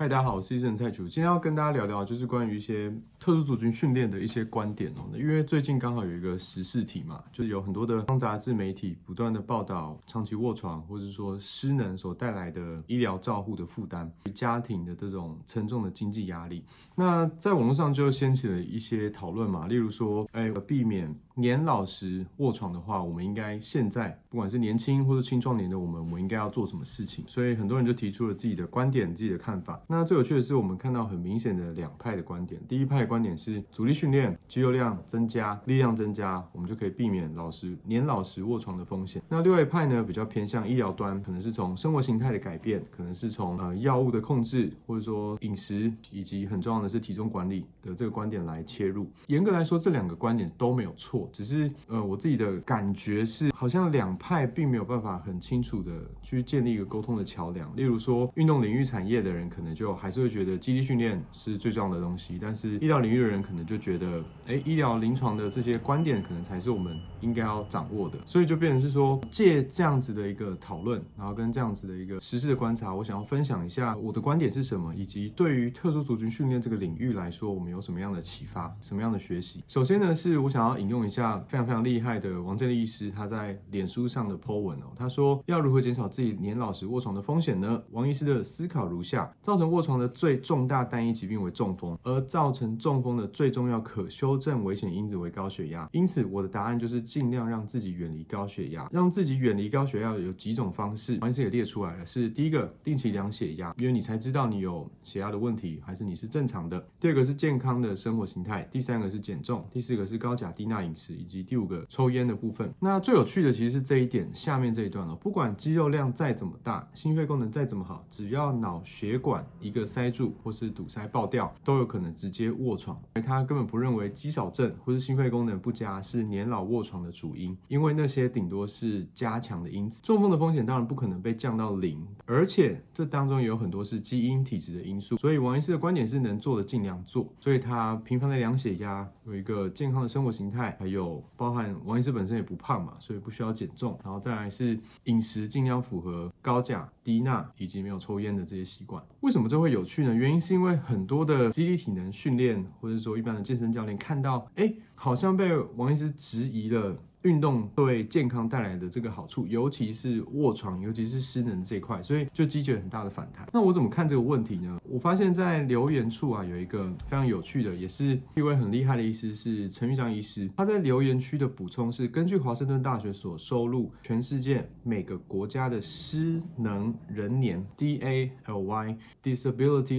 嗨，大家好，我是醫適能蔡奇儒，今天要跟大家聊聊，就是關於一些特殊族群訓練的一些觀點哦、喔。因為最近剛好有一個時事題嘛，就是有很多的雜誌媒體不斷的報道，長期臥床或者說失能所帶來的醫療照護的負擔，與家庭的這種沉重的經濟壓力。那在網絡上就掀起了一些討論嘛，例如說，哎、欸，避免年老時臥床的話，我們應該現在，不管是年輕或者青壯年的我們，我們應該要做什麼事情？所以很多人就提出了自己的觀點，自己的看法。那最有趣的是，我們看到很明顯的兩派的觀點。第一派的觀點是，阻力訓練、肌肉量增加、力量增加，我們就可以避免老時年老時臥床的風險。那另外一派呢，比較偏向醫療端，可能是從生活形態的改變，可能是從呃藥物的控制，或者說飲食，以及很重要的是體重管理的這個觀點來切入。嚴格來說，這兩個觀點都沒有錯，只是呃，我自己的感覺是，好像兩派並沒有辦法很清楚的去建立一個溝通的橋樑。例如說，運動領域產業的人可能就。就還是會覺得肌力訓練是最重要的東西，但是醫療領域的人可能就覺得，哎、欸，醫療臨床的這些觀點可能才是我們應該要掌握的，所以就變成是說借這樣子的一個討論，然後跟這樣子的一個時事的觀察，我想要分享一下我的觀點是什麼，以及對於特殊族群訓練這個領域來說，我們有什麼樣的啟發，什麼樣的學習。首先呢，是我想要引用一下非常非常厲害的王振立醫師他在臉書上的 Po 文哦，他說，要如何減少自己年老時臥床的風險呢？王醫師的思考如下，造成臥床的最重大單一疾病為中風，而造成中風的最重要可修正危險因子為高血壓。因此，我的答案就是盡量讓自己遠離高血壓。讓自己遠離高血壓有幾種方式，王醫師也列出來了：是第一個，定期量血壓，因為你才知道你有血壓的問題還是你是正常的；第二個是健康的生活形態；第三個是減重；第四個是高鉀低鈉飲食，以及第五個抽菸的部分。那最有趣的其實是這一點，下面這一段哦，不管肌肉量再怎麼大，心肺功能再怎麼好，只要腦血管，一個塞住或是堵塞爆掉都有可能直接臥床，而他根本不認為肌少症或是心肺功能不佳是年老臥床的主因，因為那些頂多是加強的因子。中風的風險當然不可能被降到零，而且這當中也有很多是基因體質的因素。所以王醫師的觀點是能做的盡量做，所以他頻繁的量血壓，有一個健康的生活形態，還有包含王醫師本身也不胖嘛，所以不需要減重，然後再來是飲食盡量符合高鉀低鈉，以及沒有抽菸的這些習慣。為什麼？這會有趣呢？原因是因為很多的肌力體能訓練，或者說一般的健身教練看到，哎，好像被王醫師質疑了。運動對健康帶來的這個好處，尤其是臥床，尤其是失能這一塊，所以就激起了很大的反彈。那我怎麼看這個問題呢？我發現，在留言處啊，有一個非常有趣的，也是一位很厲害的醫師是陳玉章醫師，他在留言區的補充是：根據華盛頓大學所收錄全世界每個國家的失能人年 （DALY，Disability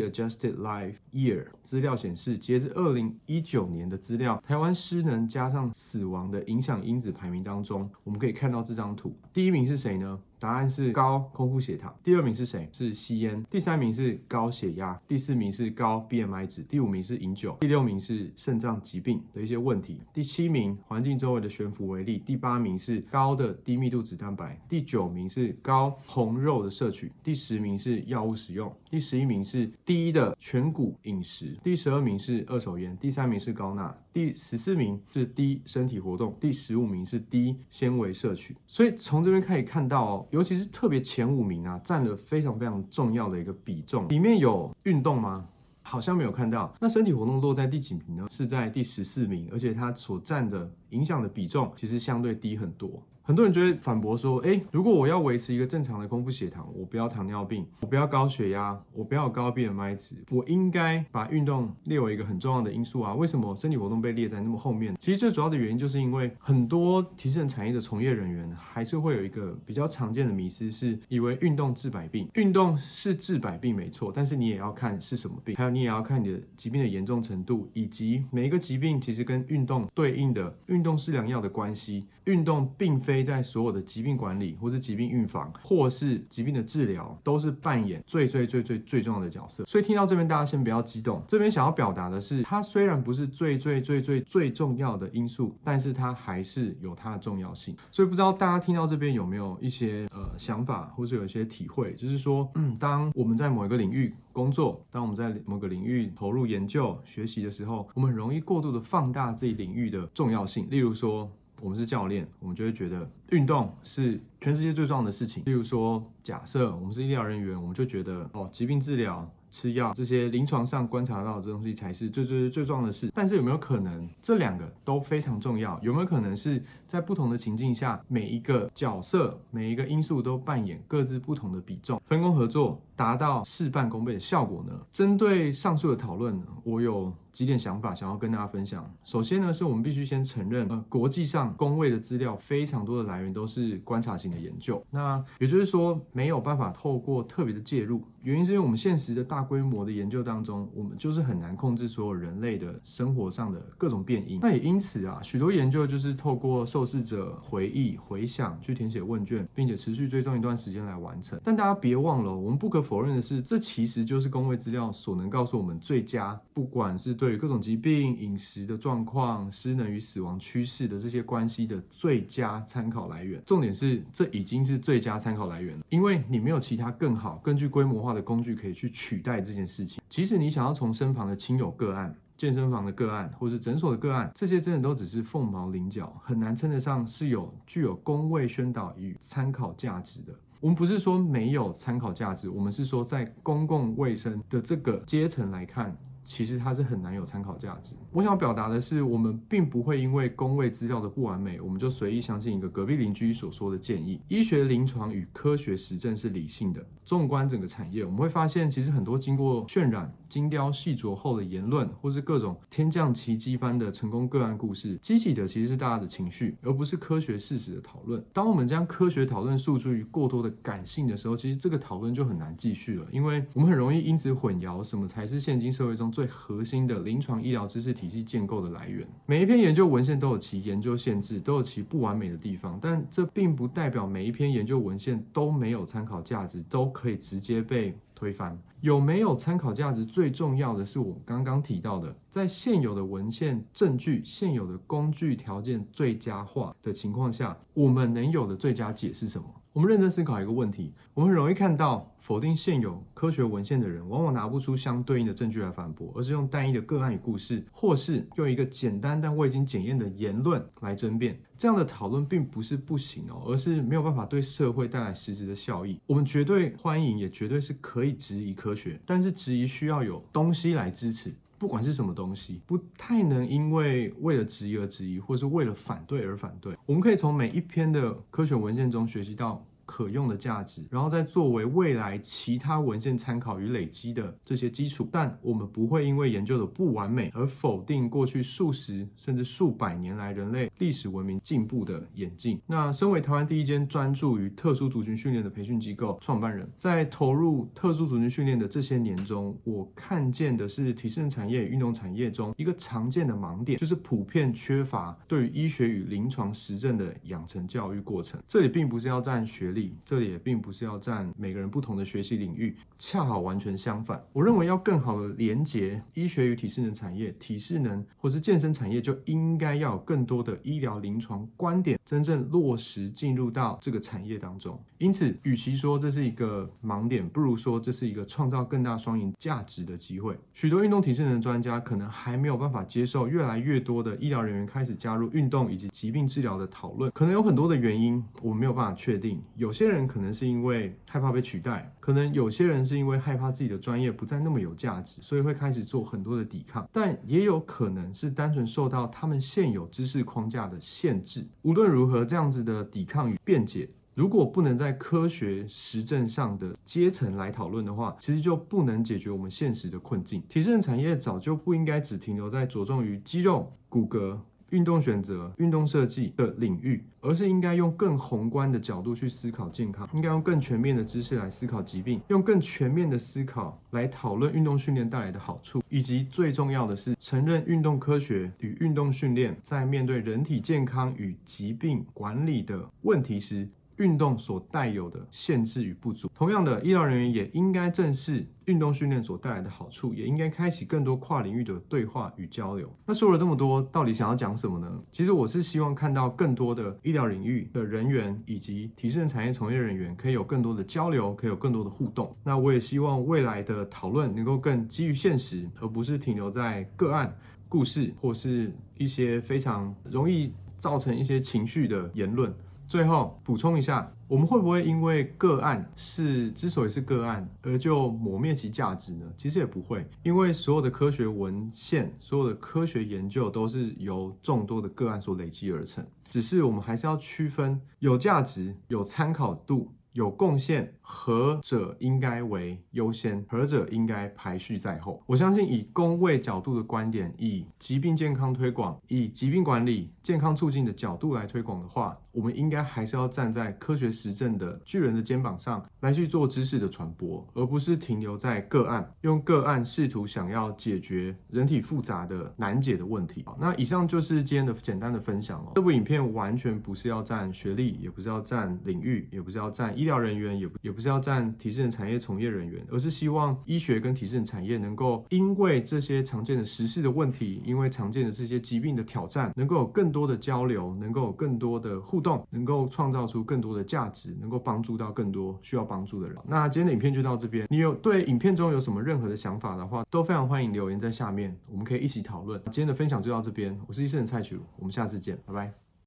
Adjusted Life Year） 資料顯示，截至二零一九年的資料，台灣失能加上死亡的影響因子。排名當中，我們可以看到這張圖，第一名是誰呢？答案是高空腹血糖。第二名是誰？是吸菸。第三名是高血壓。第四名是高 BMI 值。第五名是飲酒。第六名是腎臟疾病的一些問題。第七名環境周圍的懸浮微粒。第八名是高的低密度脂蛋白。第九名是高紅肉的攝取。第十名是藥物使用。第十一名是低的全穀飲食。第十二名是二手菸。第三名是高鈉。第十四名是低身體活動。第十五名是低纖維攝取。所以從這邊可以看到，哦。尤其是特別前五名啊，佔了非常非常重要的一個比重。裡面有運動嗎？好像沒有看到。那身體活動落在第幾名呢？是在第十四名，而且它所占的影響的比重其實相對低很多。很多人就會反駁說、欸：“如果我要維持一個正常的空腹血糖，我不要糖尿病，我不要高血壓，我不要高 BMI 值，我應該把運動列為一個很重要的因素啊？為什麼身體活動被列在那麼後面？其實最主要的原因就是因為很多提升產業的從業人員還是會有一個比較常見的迷思，是以為運動治百病。運動是治百病沒錯，但是你也要看是什麼病，還有你也要看你的疾病的嚴重程度，以及每一個疾病其實跟運動對應的運動是良藥的關係。”運動並非在所有的疾病管理，或是疾病預防，或是疾病的治療，都是扮演最最最最最重要的角色。所以聽到這邊，大家先不要激動。這邊想要表達的是，它雖然不是最最最最最重要的因素，但是它還是有它的重要性。所以不知道大家聽到這邊有沒有一些呃想法，或是有一些體會，就是說，嗯，當我們在某一個領域工作，當我們在某個領域投入研究、學習的時候，我們很容易過度的放大這一領域的重要性。例如說。我們是教練，我們就會覺得運動是全世界最重要的事情。例如說，假設我們是醫療人員，我們就覺得哦，疾病治療、吃藥這些臨床上觀察到的這東西才是最最最重要的事。但是有沒有可能這兩個都非常重要？有沒有可能是在不同的情境下，每一個角色、每一個因素都扮演各自不同的比重，分工合作，達到事半功倍的效果呢？針對上述的討論呢，我有。幾點想法想要跟大家分享。首先呢，是我們必須先承認，呃，國際上公衛的資料非常多的來源都是觀察型的研究。那也就是說，沒有辦法透過特別的介入，原因是因為我們現實的大規模的研究當中，我們就是很難控制所有人類的生活上的各種變因。那也因此啊，許多研究就是透過受試者回憶、回想去填寫問卷，並且持續追蹤一段時間來完成。但大家別忘了，我們不可否認的是，這其實就是公衛資料所能告訴我們最佳，不管是對各種疾病、飲食的狀況、失能與死亡趨勢的這些關係的最佳參考來源。重點是，這已經是最佳參考來源了，因為你沒有其他更好、更具規模化的工具可以去取代這件事情。即使你想要從身旁的親友個案、健身房的個案，或者診所的個案，這些真的都只是鳳毛麟角，很難稱得上是有具有公衛宣導與參考價值的。我們不是說沒有參考價值，我們是說在公共衛生的這個階層來看。其實它是很難有參考價值。我想表達的是，我們並不會因為公衛資料的不完美，我們就隨意相信一個隔壁鄰居所說的建議。醫學臨床與科學實證是理性的。縱觀整個產業，我們會發現，其實很多經過渲染精雕細琢後的言論，或是各種天降奇蹟般的成功個案故事，激起的其實是大家的情緒，而不是科學事實的討論。當我們將科學討論訴諸於過多的感性的時候，其實這個討論就很難繼續了，因為我們很容易因此混淆什麼才是現今社會中最核心的臨床醫療知識體系建構的來源。每一篇研究文獻都有其研究限制，都有其不完美的地方，但這並不代表每一篇研究文獻都沒有參考價值，都可以直接被推翻有沒有參考價值？最重要的是，我剛剛提到的，在現有的文獻證據、現有的工具條件最佳化的情況下，我們能有的最佳解是什麼？我們認真思考一個問題，我們很容易看到否定現有科學文獻的人，往往拿不出相對應的證據來反駁，而是用單一的個案與故事，或是用一個簡單但未經檢驗的言論來爭辯。這樣的討論並不是不行哦，而是沒有辦法對社會帶來實質的效益。我們絕對歡迎，也絕對是可以質疑科學，但是質疑需要有東西來支持。不管是什麼東西，不太能因為為了質疑而質疑，或是為了反對而反對。我們可以從每一篇的科學文獻中學習到。可用的價值，然後再作為未來其他文獻參考與累積的這些基礎。但我們不會因為研究的不完美而否定過去數十甚至數百年來人類歷史文明進步的演進。那身為台灣第一間專注於特殊族群訓練的培訓機構創辦人，在投入特殊族群訓練的這些年中，我看見的是提升產業與運動產業中一個常見的盲點，就是普遍缺乏對於醫學與臨床實證的養成教育過程。這裡並不是要占學歷。這裡也並不是要佔每個人不同的學習領域，恰好完全相反。我認為要更好的連接醫學與體適能產業，體適能或是健身產業就應該要有更多的醫療臨床觀點真正落實進入到這個產業當中。因此，與其說這是一個盲點，不如說這是一個創造更大雙贏價值的機會。許多運動體適能專家可能還沒有辦法接受越來越多的醫療人員開始加入運動以及疾病治療的討論，可能有很多的原因，我們沒有辦法確定有些人可能是因為害怕被取代，可能有些人是因為害怕自己的專業不再那麼有價值，所以會開始做很多的抵抗。但也有可能是單純受到他們現有知識框架的限制。無論如何，這樣子的抵抗與辯解，如果不能在科學實證上的階層來討論的話，其實就不能解決我們現實的困境。體適能產業早就不應該只停留在着重於肌肉骨骼。運動選擇、運動設計的領域，而是應該用更宏觀的角度去思考健康，應該用更全面的知識來思考疾病，用更全面的思考來討論運動訓練帶來的好處，以及最重要的是，承認運動科學與運動訓練在面對人體健康與疾病管理的問題時，運動所帶有的限制與不足，同樣的，醫療人員也應該正視運動訓練所帶來的好處，也應該開啟更多跨領域的對話與交流。那說了這麼多，到底想要講什麼呢？其實我是希望看到更多的醫療領域的人員以及體適能產業從業人員可以有更多的交流，可以有更多的互動。那我也希望未來的討論能夠更基於現實，而不是停留在個案故事或是一些非常容易造成一些情緒的言論。最後補充一下，我們會不會因為個案是之所以是個案，而就磨滅其價值呢？其實也不會，因為所有的科學文獻、所有的科學研究都是由眾多的個案所累積而成。只是我們還是要區分有價值、有參考度。有貢獻，何者應該為優先，何者應該排序在後？我相信，以公衛角度的觀點，以疾病健康推廣，以疾病管理、健康促進的角度來推廣的話，我們應該還是要站在科學實證的巨人的肩膀上來去做知識的傳播，而不是停留在個案，用個案試圖想要解決人體複雜的難解的問題。好，那以上就是今天的簡單的分享了，哦。這部影片完全不是要佔學歷，也不是要佔領域，也不是要佔。醫療人員也不也不是要佔體適能產業從業人員，而是希望醫學跟體適能產業能夠因為這些常見的時事的問題，因為常見的這些疾病的挑戰，能夠有更多的交流，能夠有更多的互動，能夠創造出更多的價值，能夠幫助到更多需要幫助的人。那今天的影片就到這邊，你有對影片中有什麼任何的想法的話，都非常歡迎留言在下面，我們可以一起討論。今天的分享就到這邊，我是醫適能蔡奇儒，我們下次見，拜拜。